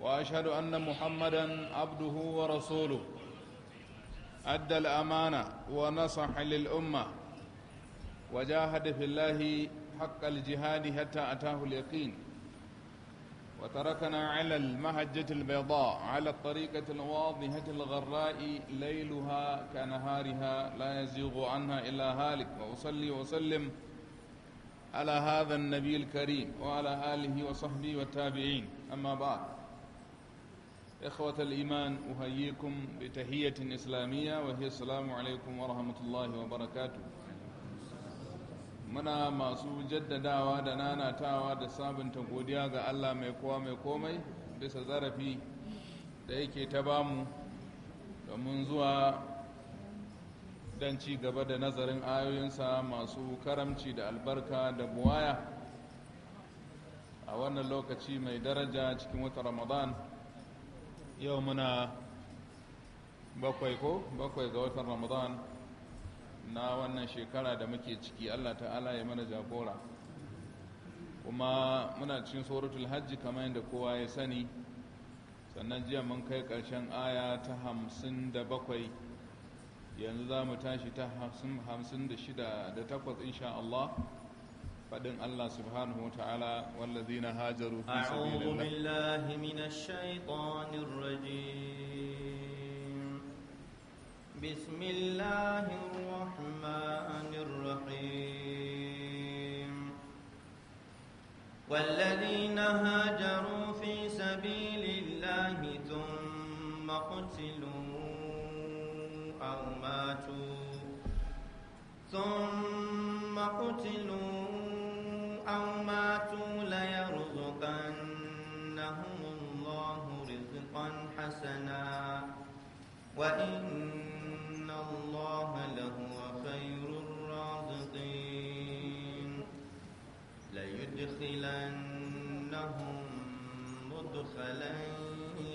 واشهد ان محمدا عبده ورسوله ادى الامانه ونصح للامه وجاهد في الله حق الجهاد حتى اتاه اليقين وتركنا على المهجه البيضاء على الطريقه الواضحه الغراء ليلها كنهارها لا يزيغ عنها الا هالك واصلي واسلم على هذا النبي الكريم وعلى اله وصحبه والتابعين اما بعد إخوة الإيمان أهيكم بتحية إسلامية وهي السلام عليكم ورحمة الله وبركاته muna masu jaddadawa da nanatawa da sabunta godiya ga Allah mai kowa mai komai bisa zarafi da yake ta bamu domin zuwa don ci gaba da nazarin ayoyinsa masu karamci da albarka da buwaya a wannan lokaci mai daraja cikin wata ramadan yau muna bakwai ko bakwai ga watan ramadan na wannan shekara da muke ciki allah ta'ala ya mana jagora kuma muna cikin suratul hajji kamar yadda kowa ya sani sannan jiya mun kai karshen aya ta hamsin da bakwai yanzu za mu tashi ta hamsin da shida da takwas insha allah فدن الله سبحانه وتعالى والذين هاجروا في سبيل الله أعوذ بالله من الشيطان الرجيم بسم الله الرحمن الرحيم والذين هاجروا في سبيل الله ثم قتلوا أو ماتوا ثم قتلوا رزقا حسنا وإن الله لهو خير الرازقين ليدخلنهم مدخلا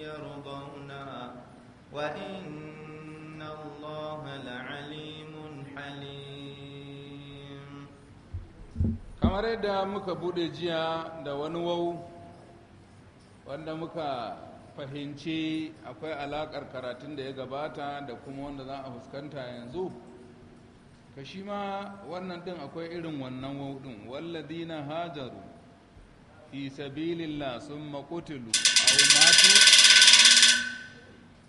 يرضونه وإن الله لعليم حليم kamar yadda muka bude jiya da wani wau wanda muka fahimci akwai alaƙar karatun da ya gabata da kuma wanda za a fuskanta yanzu ka shi ma wannan din akwai irin wannan waudin walladina hajaru fi sabilillah sun makutilu aw matu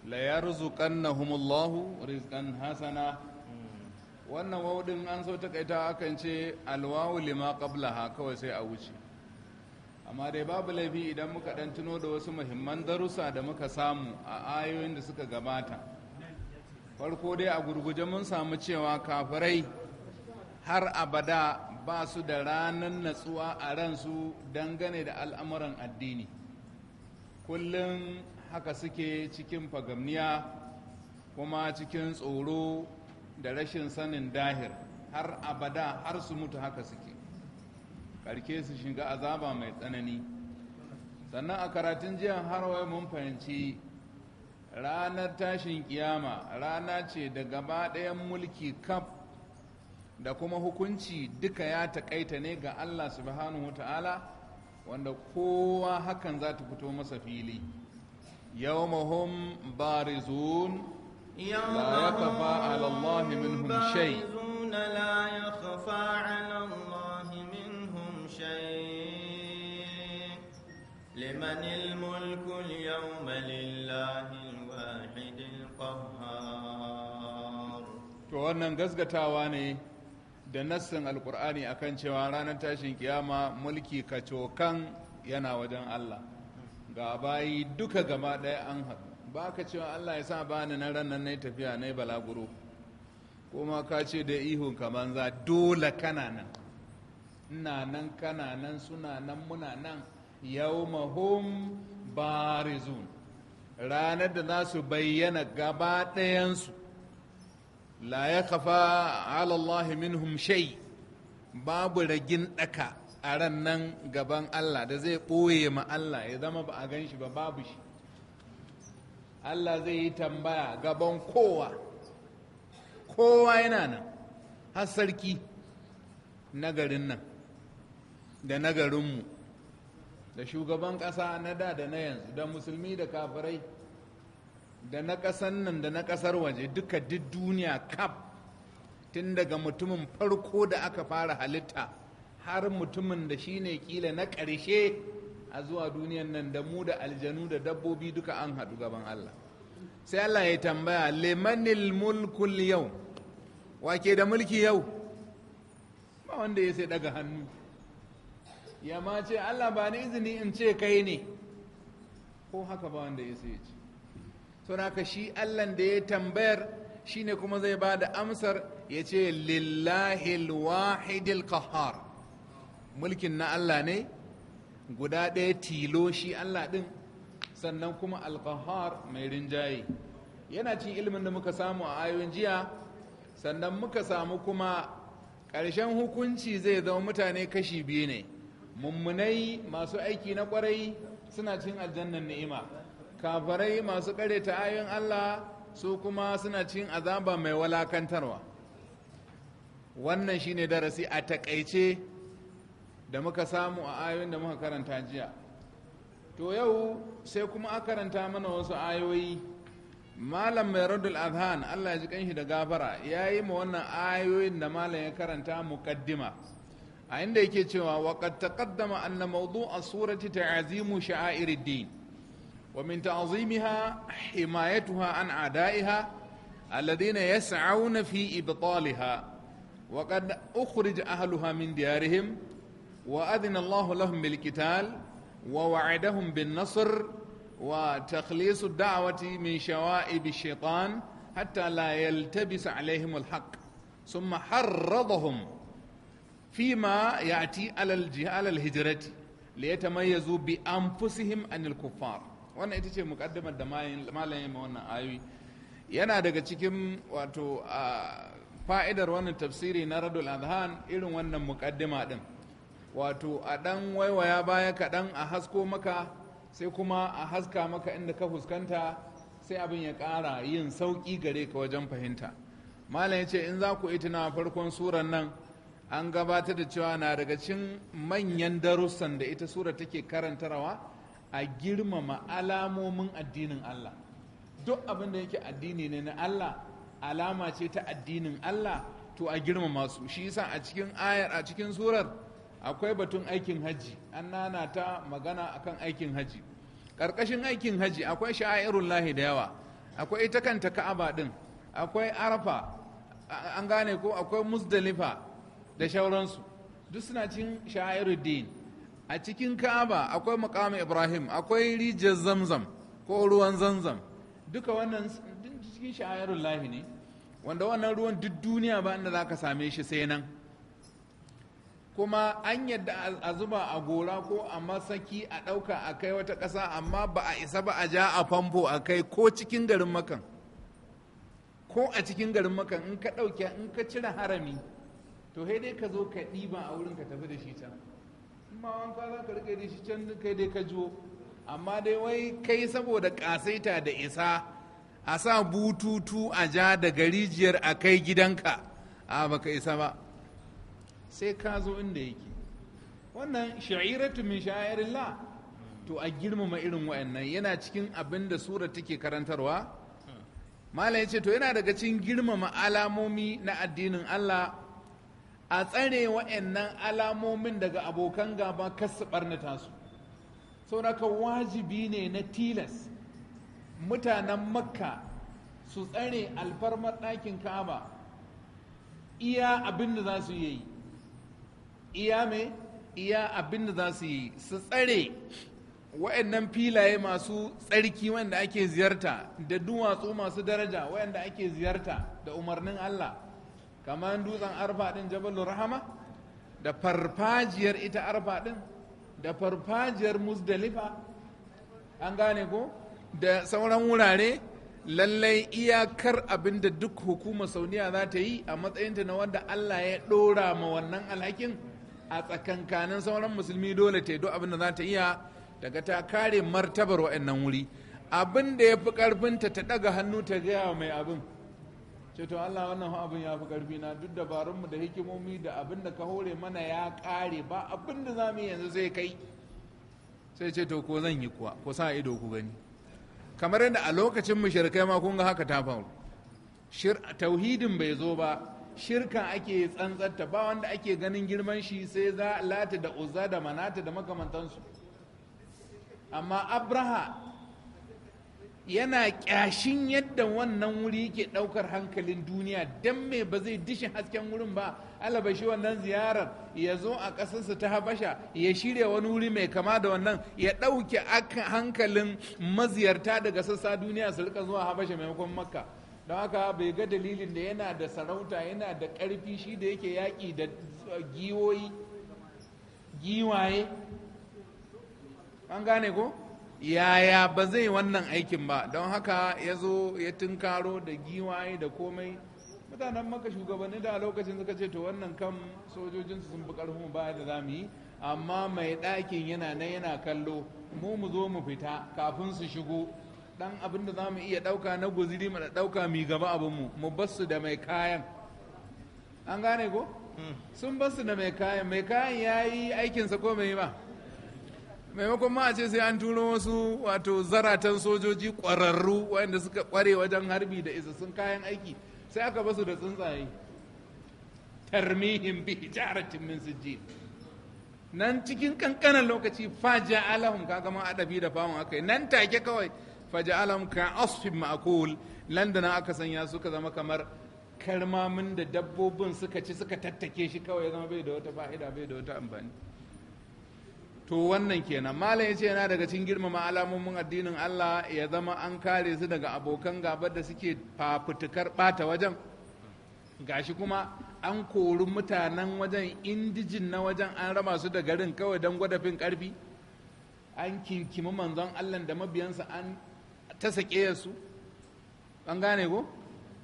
la rizqan hasana wannan wadun an so takaita akan ce alwawu lima qablaha kawai sai a wuce amma dai babu laifi idan muka dan tuno da wasu muhimman darussa da muka samu a ayoyin da suka gabata farko dai a gurguje mun samu cewa kafirai har abada ba su da ranar natsuwa a ransu dangane da al'amuran addini kullum haka suke cikin fagamniya kuma cikin tsoro da rashin sanin dahir har abada har su mutu haka suke karke su shiga azaba mai tsanani sannan a karatun jiya har wai mun fahimci ranar tashin kiyama rana ce da gaba ɗayan mulki kaf da kuma hukunci duka ya taƙaita ne ga allah subhanahu ta'ala wanda kowa hakan za ta fito masa fili Yau barizun la yakfa ala minhum shai la شيء لمن الملك اليوم لله الواحد القهار to wannan gasgatawa ne da nassin alkur'ani akan cewa ranar tashin kiyama mulki kacokan yana wajen Allah ga bayi duka gama ɗaya an haɗu ba ka cewa Allah ya sa bani na ran nan na tafiya na balaguro kuma ka ce da ihun kaman za dole kana nan na nan kana nan suna nan muna nan yawmahum barizun ranar da za su bayyana gaba ɗayansu la ya kafa alallahi minhum shai babu ragin ɗaka a ran nan gaban Allah da zai ɓoye ma Allah ya zama ba a gan shi ba babu shi Allah zai yi tambaya gaban kowa kowa yana nan har sarki na garin nan da na garinmu da shugaban ƙasa na da da na yanzu da musulmi da kafirai da na ƙasan nan da na ƙasar waje duka duk duniya kaf tun daga mutumin farko da aka fara halitta har mutumin da shi ne kila na ƙarshe a zuwa duniyan nan da mu da aljanu da dabbobi duka an haɗu gaban Allah sai Allah ya tambaya limanil mulkul yau wake da mulki yau ba wanda ya sai daga hannu ya ma ce Allah ba ni izini in ce kai ne ko haka ba wanda ya sai ce so haka shi Allah da ya tambayar shine kuma zai ba da amsar ya ce lillahi lwahidil kahar mulkin na Allah ne guda ɗaya tilo shi Allah ɗin sannan kuma alkahar mai rinjaye yana cin ilimin da muka samu a ayoyin jiya sannan muka samu kuma ƙarshen hukunci zai zama mutane kashi biyu ne mummunai masu aiki na kwarai suna cin aljannan ni'ima kafarai masu ta ayoyin Allah su kuma suna cin azaba mai walakantarwa wannan shine darasi a takaice da muka samu a ayoyin da muka karanta jiya to yau sai kuma a karanta mana wasu ayoyi malam mai radul adhan Allah ya ji kanshi da gafara ya yi ma wannan ayoyin da malam ya karanta muqaddima a inda yake cewa waqad taqaddama anna mawdu'a surati ta'azimu sha'airid wa min ta'zimiha himayatuha an a'da'iha alladhina yas'auna fi ibtaliha وقد أخرج أهلها من ديارهم وأذن الله لهم بالقتال ووعدهم بالنصر وتخليص الدعوة من شوائب الشيطان حتى لا يلتبس عليهم الحق ثم حرضهم فيما يأتي على الجهال الهجرة ليتميزوا بأنفسهم عن الكفار wannan ita ce mukaddimar da malayin wannan ayoyi yana daga cikin wato fa'idar wannan tafsiri na radul adhan irin wannan mukaddima din wato a dan waiwaya baya kaɗan a hasko maka sai kuma a haska maka inda ka fuskanta sai abin ya ƙara yin sauƙi gare ka wajen fahimta malam ya ce in za ku itina farkon suran nan an gabatar da cewa na daga cikin manyan darussan da ita sura take karantarwa a girmama alamomin addinin Allah duk abin da yake addini ne na Allah alama ce ta addinin Allah to a girmama su shi yasa a cikin ayar a cikin surar akwai batun aikin haji an nana ta magana akan aikin haji karkashin aikin haji akwai sha'airun lahi da yawa akwai ita kanta ka'aba din akwai arafa an gane ko akwai musdalifa da shauransu duk suna cin sha'iruddin a cikin ka'aba akwai makamin ibrahim akwai rijiyar zamzam ko ruwan zamzam duka wannan cikin sha'irun lahi ne wanda wannan ruwan duk duniya ba inda za ka same shi sai nan kuma an yadda a zuba a gora ko a masaki a ɗauka a kai wata kasa amma ba a isa ba a ja a famfo a kai ko cikin garin makan ko a cikin garin makan in ka ɗauke in ka cire harami to sai dai ka zo ka ɗiba a wurin ka tafi da shi can in ma wanka za ka rike da shi can kai dai ka jiwo. amma dai wai kai saboda kasaita da isa a sa bututu a ja daga rijiyar a kai gidanka a baka isa ba sai ka zo inda yake wannan sha'iratu min sha'irillah to a girmama irin wa'annan yana cikin abin da sura take karantarwa malam ya ce to yana daga cikin girmama alamomi na addinin Allah a tsare wa'annan alamomin daga abokan gaba kasu barnata su sauraka wajibi ne na tilas mutanen makka su tsare alfarmar ɗakin kaba iya abin da za su yi iya me iya abin da za su yi su tsare wa'annan filaye masu tsarki wanda ake ziyarta da duwatsu masu daraja wa'anda ake ziyarta da umarnin allah kamar dutsen arfa din jabalur rahama da farfajiyar ita arfa din da farfajiyar musdalifa an gane ko da sauran wurare lallai iyakar abinda duk hukumar sauniya za ta yi a matsayinta na wanda allah ya ɗora ma wannan alhakin a tsakankanin sauran musulmi dole ta yi duk za ta iya daga ta kare martabar wa'annan wuri abinda da ya fi ƙarfinta ta ɗaga hannu ta gaya mai abin ce Allah wannan abin ya fi karfi na duk dabarunmu da hikimomi da abin da ka hore mana ya kare ba abin da za mu yanzu zai kai sai ce ko zan yi kuwa ko sa ido ku gani kamar yadda a lokacin shirkai ma kun ga haka ta faru tauhidin bai zo ba shirka ake tsantsanta ba wanda ake ganin girman shi sai za lata da uzza da manata da makamantansu amma abraha yana kyashin yadda wannan wuri yake daukar hankalin duniya don me ba zai dishin hasken wurin ba shi wannan ziyarar ya zo a ƙasarsa ta habasha ya shirya wani wuri mai kama da wannan ya ɗauke hankalin maziyarta daga sassa duniya su rika zuwa habasha maimakon makka don haka bai ga dalilin da yana da sarauta yana da ƙarfi shi da yake yaƙi da uh, giwoyi giwaye an gane ko yaya ba zai wannan aikin ba don haka ya zo ya tunkaro da giwaye da komai mutanen maka shugabanni da lokacin suka ce to wannan kan sojojinsu sun fi karfin baya da zamu yi amma mai ɗakin yana nan yana kallo mu mu zo mu fita kafin su shigo dan abin da zamu iya ɗauka na guziri mu da ɗauka mi gaba abinmu mu basu da mai kayan an gane ko hmm. sun basu da mai kayan mai kayan ya yi aikinsa ko mai ba maimakon ma ce sai an turo wasu wato zaratan sojoji kwararru wanda suka ƙware wajen harbi da isassun kayan aiki sai aka basu da tsuntsaye tarmihin bi hijaratin min sijjin nan cikin kankanan lokaci faja alahum ka gama adabi da famun aka yi nan take kawai faja alahum ka asfin ma'akul landana aka sanya suka zama kamar karmamin da dabbobin suka ci suka tattake shi kawai zama bai da wata fa'ida bai da wata amfani to wannan kenan malam ya ce yana daga cikin girmama alamomin addinin Allah ya zama an kare su daga abokan gaba da suke fafutukar bata wajen gashi kuma an kori mutanen wajen indijin na wajen an rama su da garin kawai don gwadafin karfi an kinkimi manzon Allah da mabiyansa an ta sake su an gane ko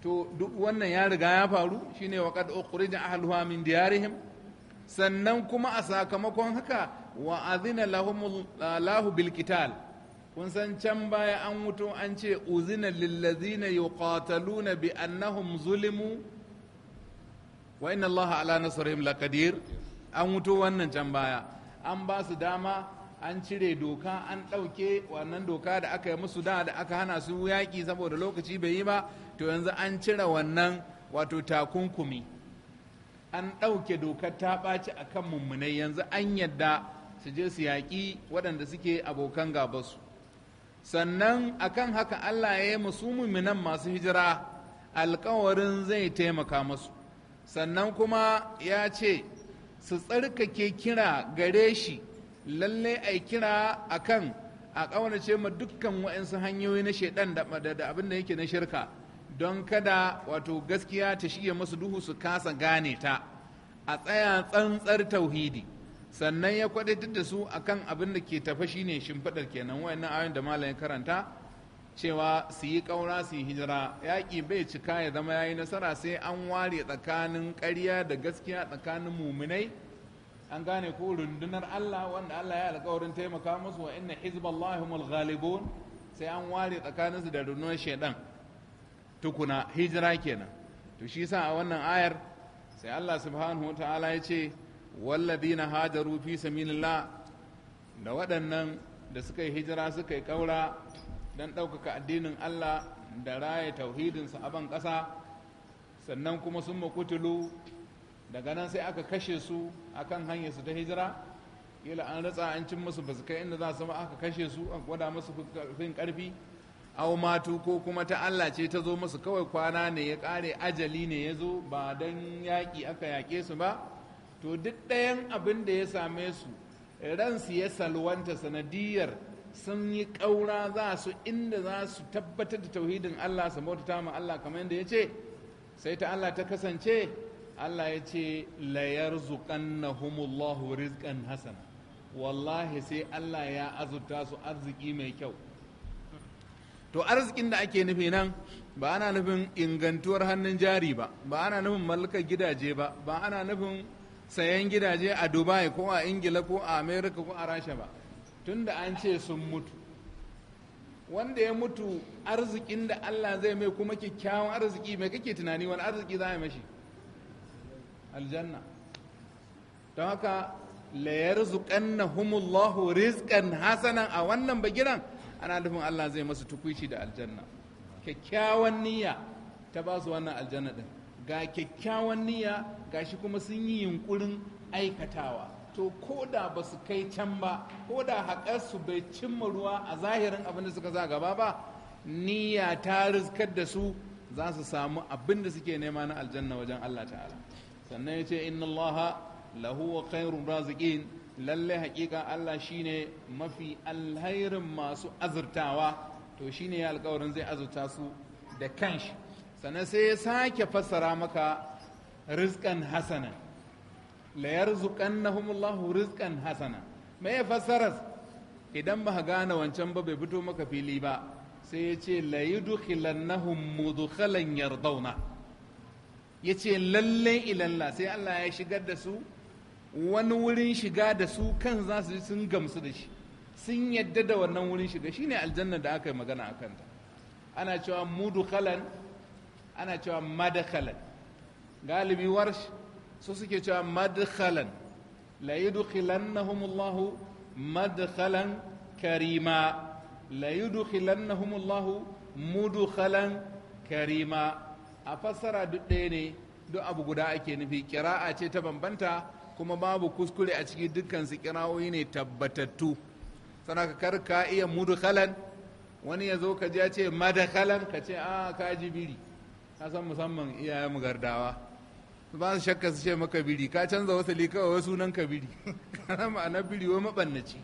to duk wannan ya riga ya faru shine waqad ukhrija ahluha min diyarihim sannan kuma a sakamakon haka wa azina lahu bil qital kun san can baya an wuto an ce uzina lillazina yuqataluna bi annahum zulimu wa inna allaha ala nasrihim laqadir an wuto wannan can baya an ba su dama an cire doka an ɗauke wannan doka da aka yi musu da da aka hana su yaƙi saboda lokaci bai yi ba to yanzu an cire wannan wato takunkumi an ɗauke dokar ta ɓaci a kan mummunai yanzu an yadda su je su yaƙi waɗanda suke abokan gabasu sannan akan haka Allah ya yi musu muminan masu hijira alkawarin zai taimaka masu sannan kuma ya ce su tsarkake kira gare shi lalle a kira a kan a ƙaunace ma dukkan waɗansu hanyoyi na shaidan da abin da yake na shirka don kada wato gaskiya ta shige masu duhu su kasa gane ta a tsaya tsantsar tauhidi sannan ya kwadaitar da su akan abin da ke tafa shine shimfiɗar kenan wayannan ayoyin da malamin karanta cewa su yi ƙaura su yi hijira yaƙi bai cika ya zama ya yi nasara sai an ware tsakanin ƙarya da gaskiya tsakanin muminai an gane ko rundunar Allah wanda Allah ya alƙawarin taimaka musu wa inna hizballahu ghalibun sai an ware tsakaninsu da rundunar shaidan tukuna hijira kenan to shi yasa a wannan ayar sai Allah subhanahu wa ta'ala ya ce walladina hajaru fi da waɗannan da suka yi hijira suka yi ƙaura don ɗaukaka addinin Allah da raye tauhidinsa a ban ƙasa sannan kuma sun makutulu daga nan sai aka kashe su akan hanyar su ta hijira kila an ratsa an cin musu ba su kai inda za su ma aka kashe su a gwada musu fin ƙarfi au matu ko kuma ta Allah ce ta zo musu kawai kwana ne ya kare ajali ne ya zo ba don yaƙi aka yaƙe su ba to duk ɗayan abin da ya same su ransu ya salwanta sanadiyar sun yi ƙaura za su inda za su tabbatar da tauhidin Allah su bauta ma Allah kamar yadda ya ce sai ta Allah ta kasance Allah ya ce layar zuƙannahumullahu rizqan hasana wallahi sai Allah ya azurta su arziki mai kyau to arzikin da ake nufi nan ba ana nufin ingantuwar hannun jari ba ba ana nufin mallakar gidaje ba ba ana nufin sayan gidaje a dubai ko a ingila ko a america ko a rasha ba tunda an ce sun mutu wanda ya mutu arzikin da allah zai mai kuma kyakkyawan arziki mai kake tunani wani arziki za a mashi aljanna don haka layar na humullahu rizkan hasanan a wannan bagiran ana nufin allah zai masu tukwici da aljanna kyakkyawan niyya ta ba su wannan aljanna ɗin. ga kyakkyawan niyya ga shi kuma sun yi yunkurin aikatawa to ko da ba su kai can ba ko da haƙar su bai cimma ruwa a zahirin abin da suka za gaba ba niyya ta rizkar da su za su samu abin da suke nema na aljanna wajen Allah ta'ala sannan ya ce inna allaha lahu wa khairun raziqin lalle haƙiƙa Allah shine mafi alhairin masu azurtawa to shine ya alƙawarin zai azurta su da kanshi sannan sai ya sake fassara maka rizkan hasana la yarzuqannahumullahu rizqan hasana Mai ya fassara. idan ba gane wancan ba bai fito maka fili ba sai ya ce la yudkhilannahum mudkhalan yardawna ya ce lalle ilalla sai Allah ya shigar da su wani wurin shiga da su kan za su ji sun gamsu da shi sun yadda da wannan wurin shiga shine aljanna da aka yi magana a kanta ana cewa mudkhalan ana cewa madakhalan galibi warsh su suke cewa madakhalan la yudkhilannahum Allah madkhalan karima la yudkhilannahum Allah mudkhalan karima a fassara duk ɗaya ne duk abu guda ake nufi kira'a ce ta bambanta kuma babu kuskure a cikin dukkan su kirawoyi ne tabbatattu sana ka kar ka iya mudkhalan wani ya zo ka ji ya ce madakhalan ka ce a ah, ka ji biri ka san musamman iyayen mu gardawa ba su shakka su ce maka biri ka canza wasu kawai wasu nan ka biri kana ma'anar biri wai mabannaci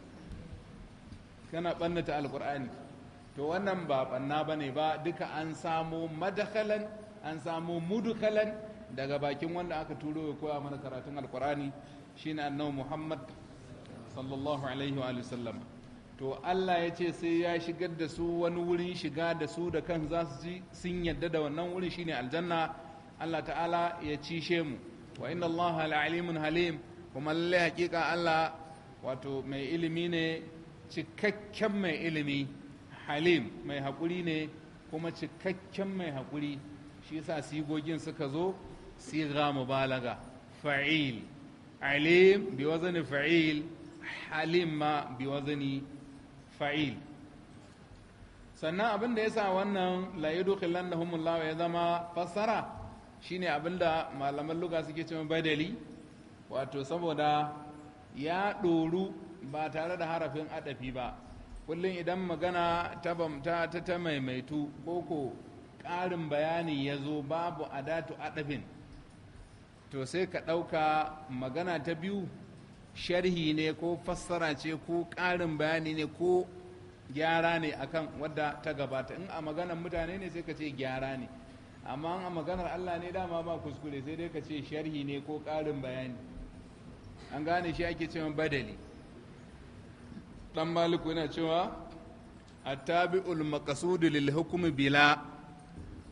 kana bannata alkur'ani to wannan ba banna ba ne ba duka an samo madakalan an samo mudukalan daga bakin wanda aka turo ya koya mana karatun alkur'ani shine annabi muhammad sallallahu alaihi wa sallam to Allah ya ce sai ya shigar da su wani wurin shiga da su da kan za su ji sun yadda da wannan wurin shine aljanna Allah ta'ala ya cishe mu wa inna Allah la'alimun halim kuma lalle hakika Allah wato mai ilimi ne cikakken mai ilimi halim mai haƙuri ne kuma cikakken mai haƙuri shi sa sigogin suka zo siga mubalaga fa'il alim bi wazani fa'il halim ma bi wazani fa'il sannan abin da ya sa wannan la'idu khillan da humullawa ya zama fassara shine abin da malaman luga suke cewa badali wato saboda ya ɗoru ba tare da harafin adafi ba kullum idan magana ta bamta ta ta maimaitu koko ƙarin bayani ya zo babu adatu adafin to sai ka ɗauka magana ta biyu sharhi ne ko fassara ce ko ƙarin bayani ne ko gyara ne akan wadda ta gabata in a maganar mutane ne sai ka ce gyara ne amma a maganar Allah ne dama ba kuskure sai dai ka ce sharhi ne ko ƙarin bayani an gane shi ake cewa badali dan maliku yana cewa attabi'ul maqsud lil hukmi bila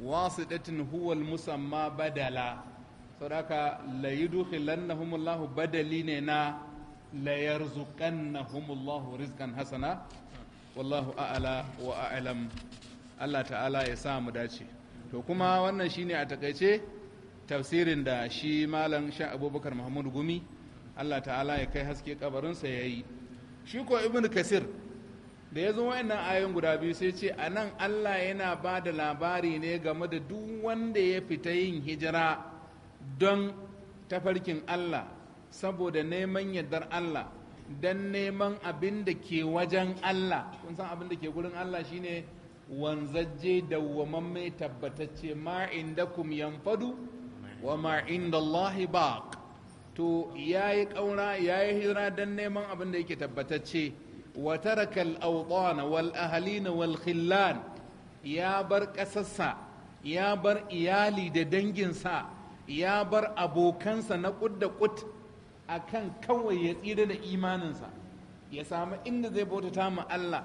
wasu huwa al musamma badala sadaka la yudkhilannahum Allah badali ne na la yarzuqannahumullahu rizkan hasana wallahu a'ala wa a'alam. Allah ta'ala ya sa mu dace to kuma wannan shine a takaice tafsirin da shi malam sha abubakar muhammadu gumi Allah ta'ala ya kai haske kabarinsa ya yi shi ko ibn kasir da ya zo wa'annan ayoyin guda biyu sai ce a nan allah yana ba da labari ne game da duk wanda ya fita yin hijira don tafarkin allah saboda neman yardar Allah dan neman abin da ke wajen Allah kun san abin da ke gurin Allah shine wanzajje dawwamamme tabbatacce ma indakum yanfadu wa ma inda Allah baq to yayi kaura yayi hira dan neman abin da yake tabbatacce wa taraka al-awtan wal ahlin wal khillan ya bar kasassa ya bar iyali da danginsa ya bar abokansa na kud da a kan kawai ya tsira da imaninsa ya samu inda zai bautata ma Allah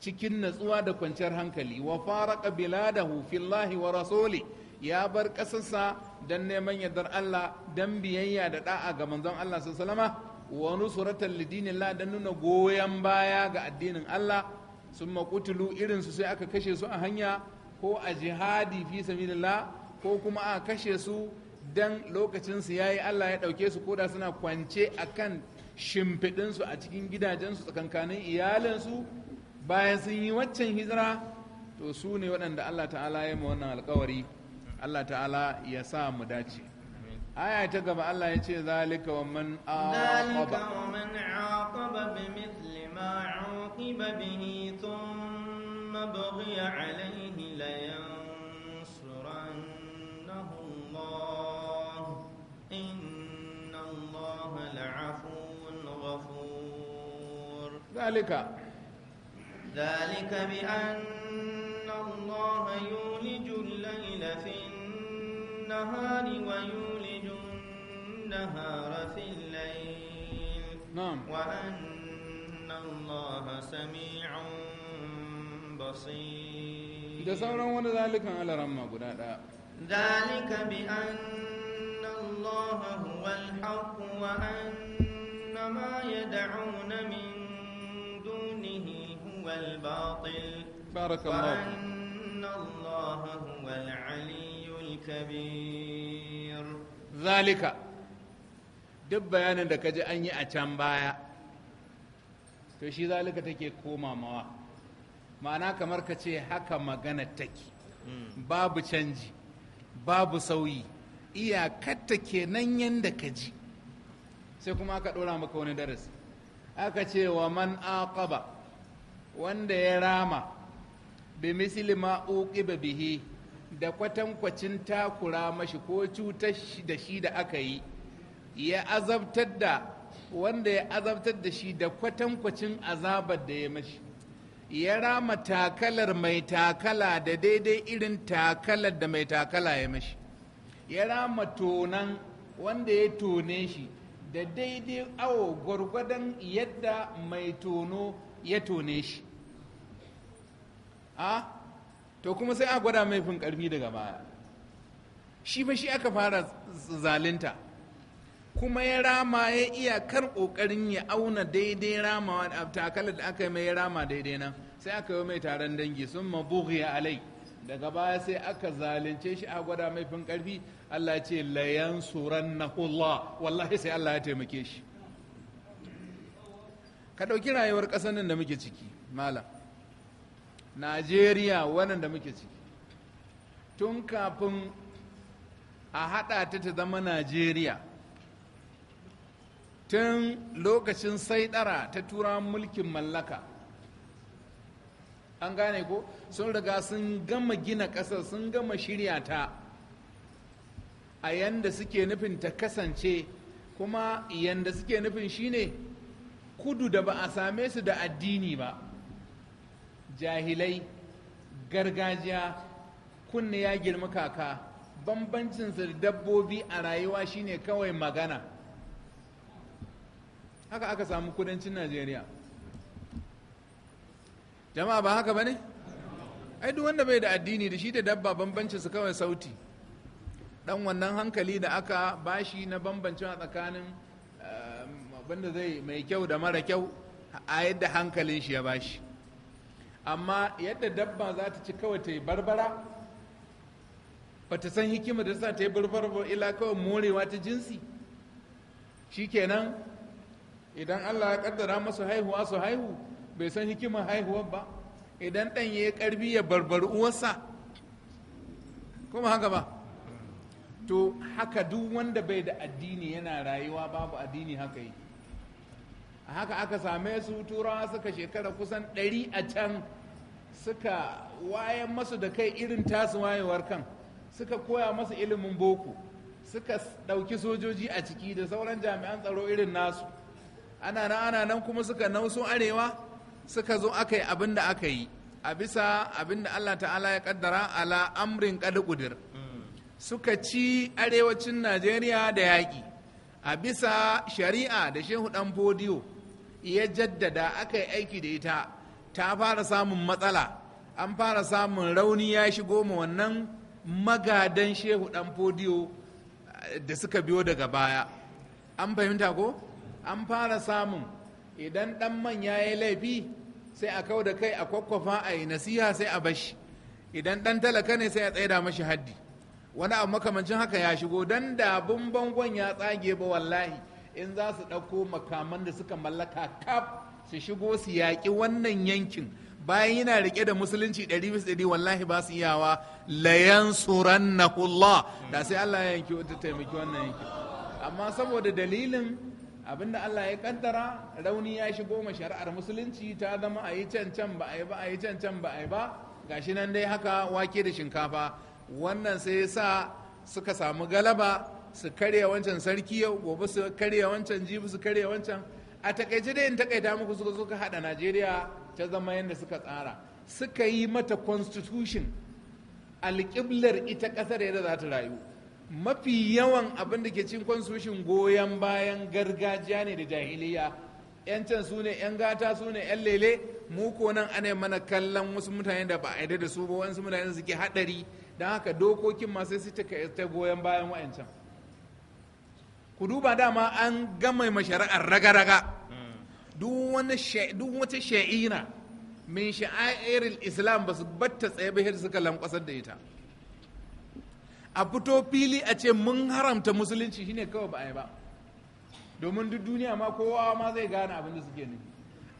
cikin natsuwa da kwanciyar hankali wa faraka da fillahi wa rasuli ya bar ƙasarsa don neman yardar Allah don biyayya da da'a ga manzon Allah sallama wa nusratan allah dan nuna goyon baya ga addinin Allah sun makutulu irinsu sai aka kashe su a hanya ko a jihadi fi sabilillah ko kuma a kashe su idan lokacinsu ya yi allah ya ɗauke su da suna kwance a kan shimfiɗinsu a cikin gidajensu tsakankanin iyalinsu bayan sun yi waccan hijira to su ne waɗanda allah ta'ala ya yi wannan alkawari allah ta'ala ya sa mu dace aya ta gaba allah ya ce zalika wa man aqaba bi mithli ma uqiba bihi thumma baghiya alayhi la ذلك ذلك بأن الله يولج الليل في النهار ويولج النهار في الليل نعم وأن الله سميع بصير da sauran ذلك على رمى guda ɗaya ذلك بأن الله هو الحق وأن ما يدعون من والباطل duk bayanin da ka ji an yi a can baya to shi zalika take komawa, ma'ana kamar ka ce haka magana take babu canji babu sauyi ke nan yadda ka ji sai kuma aka ɗora maka wani darasi aka ce wa man aqaba wanda ya rama bi misli ma uqiba bihi da kwatankwacin takura mashi ko cutar da shi da aka yi ya azabtar da wanda ya azabtar da shi da kwatankwacin azabar da ya mashi ya rama takalar mai takala da daidai irin takalar da mai takala ya mashi ya rama tonan wanda ya tone shi da daidai awo gwargwadon yadda mai tono ya tone shi a to kuma sai a gwada mai fin karfi daga baya shi fa shi aka fara zalinta kuma ya rama ya iyakar kokarin ya auna daidai ramawa da takalar da aka yi mai rama daidai nan sai aka yi mai taron dangi sun mabughiya alai daga baya sai aka zalunce shi a gwada mai fin karfi Allah ce layan suran na wallahi sai Allah ya taimake shi ka ɗauki rayuwar ƙasar nan da muke ciki malam najeriya wannan da muke ciki tun kafin a haɗa ta ta zama najeriya tun lokacin saiɗara ta tura mulkin mallaka an gane ko sun riga sun gama gina ƙasar sun gama shirya ta a yanda suke nufin ta kasance kuma yanda suke nufin shine ne kudu da ba a same su da addini ba jahilai gargajiya kunne ya girma kaka su da dabbobi a rayuwa shine kawai magana haka aka samu kudancin najeriya jama'a ba haka ba ne ai duk wanda bai da addini da shi da dabba su kawai sauti dan wannan hankali da aka bashi na bambancewa tsakanin abinda zai mai kyau da mara kyau a yadda hankalin shi ya bashi amma yadda dabba za ta ci kawai ta yi barbara ba ta san hikima da sa ta yi barbara ba ila kawai morewa ta jinsi shikenan idan allah ya kaddara masu haihuwa su haihu bai san hikimar haihuwar ba idan ɗan ya yi ƙarfi ya barbar uwarsa kuma haka ba to haka duk wanda bai da addini yana rayuwa babu addini haka yi haka aka same su turawa suka shekara kusan ɗari a can suka wayan masu da kai irin tasu wayewar kan suka koya masu ilimin boko suka ɗauki sojoji a ciki da sauran jami'an tsaro irin nasu ana nan ana nan kuma suka nauso arewa suka zo aka yi abin da aka yi a bisa abin da allah ta'ala ya kaddara ala amrin ƙudir suka ci arewacin najeriya da yaƙi a bisa shari'a da shehu ɗan fodiyo ya jaddada aka yi aiki da ita ta fara samun matsala an fara samun rauni ya shigo ma wannan magadan shehu dan fodiyo eh, da suka biyo daga baya an fahimta ko an fara samun idan dan manya ya laifi sai a kau da kai a kwakwafa a yi nasiha sai a bashi idan dan talaka ne sai a tsaida mashi haddi wani abu makamancin haka ya shigo dan da abin bangon ya tsage ba wallahi in za su ɗauko makaman da suka mallaka kaf su shigo su yaƙi wannan yankin bayan yana riƙe da musulunci ɗari bisa ɗari wallahi ba su yawa layan tsoron na da sai Allah ya yanki wata taimaki wannan yanki amma saboda dalilin abinda Allah ya kaddara rauni ya shigo ma shari'ar musulunci ta zama a yi can can ba a yi ba a yi can can ba a yi ba gashi nan dai haka wake da shinkafa wannan sai ya sa suka samu galaba su karya wancan sarki yau gobe su karya wancan jibi su karya wancan a takaice dai in takaita muku suka suka hada najeriya ta zama yadda suka tsara suka yi mata constitution alƙiblar ita ƙasar yadda za ta rayu mafi yawan abin da ke cin constitution goyon bayan gargajiya ne da jahiliya yancan su ne yan gata su ne yan lele mu ko nan ana mana kallon wasu mutane da ba a yarda da su ba wasu mutane suke hadari don haka dokokin masu sai ta goyon bayan wa'ancan ku duba dama an gama ma shari'ar raga-raga duk wata sha'ira min sha'airin islam ba su batta tsaye ba suka lankwasar da ita a fito fili a ce mun haramta musulunci shine kawai ba a yi ba domin duk duniya ma kowa ma zai gane abin da suke nufi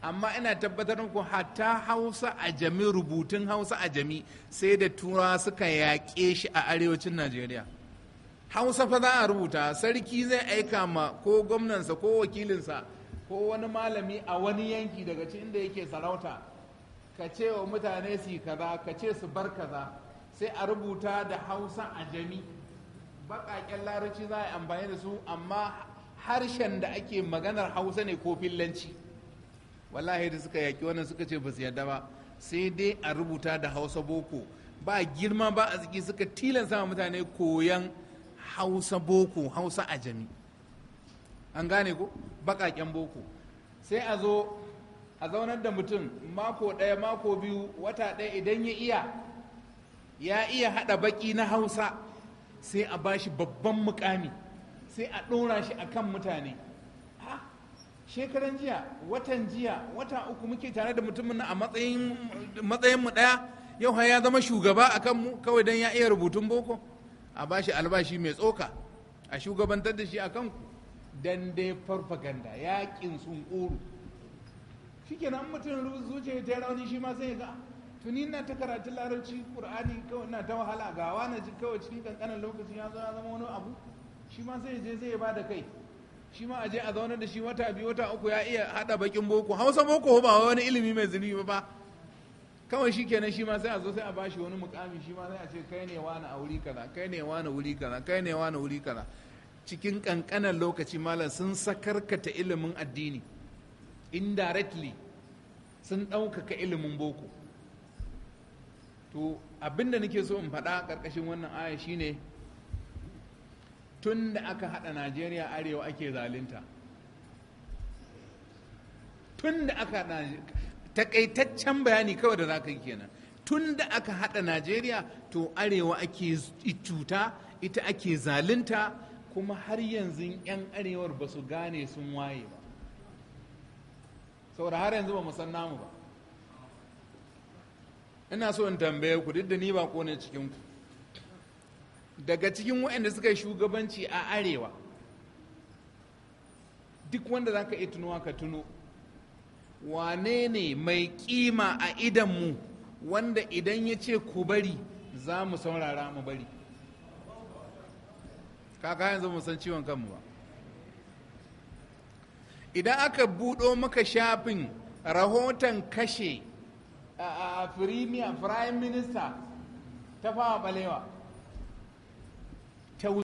amma ina tabbatar muku hatta hausa a jami rubutun hausa a jami sai da turawa suka yaƙe shi a arewacin najeriya hausa fa za a rubuta sarki zai aika ma ko gwamnansa ko wakilinsa ko wani malami a wani yanki daga cikin da yake sarauta ka ce wa mutane su kaza ka ce su bar kaza sai a rubuta da hausa a jami baƙaƙen larabci za a yi amfani da su amma harshen da ake maganar hausa ne ko fillanci wallahi da suka yaki wannan suka ce ba su yarda ba sai dai a rubuta da hausa boko ba girma ba a suka tilan sama mutane koyan hausa boko hausa ajami an gane ko baƙaƙen boko sai a zo a zaunar da mutum mako ɗaya mako biyu wata ɗaya idan ya iya ya iya haɗa baƙi na hausa sai a bashi babban mukami sai a ɗora shi a kan mutane shekaran jiya watan jiya wata uku muke tare da mutumin na a matsayin mu ɗaya yau ya zama shugaba a kanmu kawai don ya iya rubutun boko a bashi albashi mai tsoka a shugabantar da shi a kanku dan dai farfaganda yakin sun ƙuru shikenan mutum zuciya ta rauni shi ma sai ga tuni na ta karatun larabci qur'ani kawai na ta wahala gawa na ji cikin kankanin lokacin ya zo zama wani abu shi ma sai je zai ba da kai shi ma a je a zaunar da shi wata biyu wata uku ya iya hada bakin boko hausa boko ba wani ilimi mai zunubi ba kawai shi kenan shi ma sai a zo sai a bashi wani mukami shi ma sai a ce kai ne wani a wuri kaza kai ne wani wuri kaza kai ne wani wuri kaza cikin kankanan lokaci malam sun sakarkata ilimin addini indirectly sun ɗaukaka ilimin boko to abinda nake so in faɗa ƙarƙashin wannan aya shine tun da aka haɗa najeriya arewa ake zalinta tun da aka takaitaccen bayani kawai da za ka yi kenan tun da aka haɗa najeriya to arewa ake cuta ita ake zalinta, kuma har yanzu 'yan arewar ba su gane sun waye ba saboda har yanzu ba san namu ba ina so in tambaye ku duk da ni ba ko ne cikin ku daga cikin waɗanda suka yi shugabanci a arewa duk wanda za ka yi tunuwa ka tuno wane ne mai kima a idanmu wanda idan ya ce ku bari za mu saurara mu bari kaka yanzu mu san ciwon kanmu ba idan aka buɗo maka shafin rahoton kashe a firimiya prime minister ta fama balewa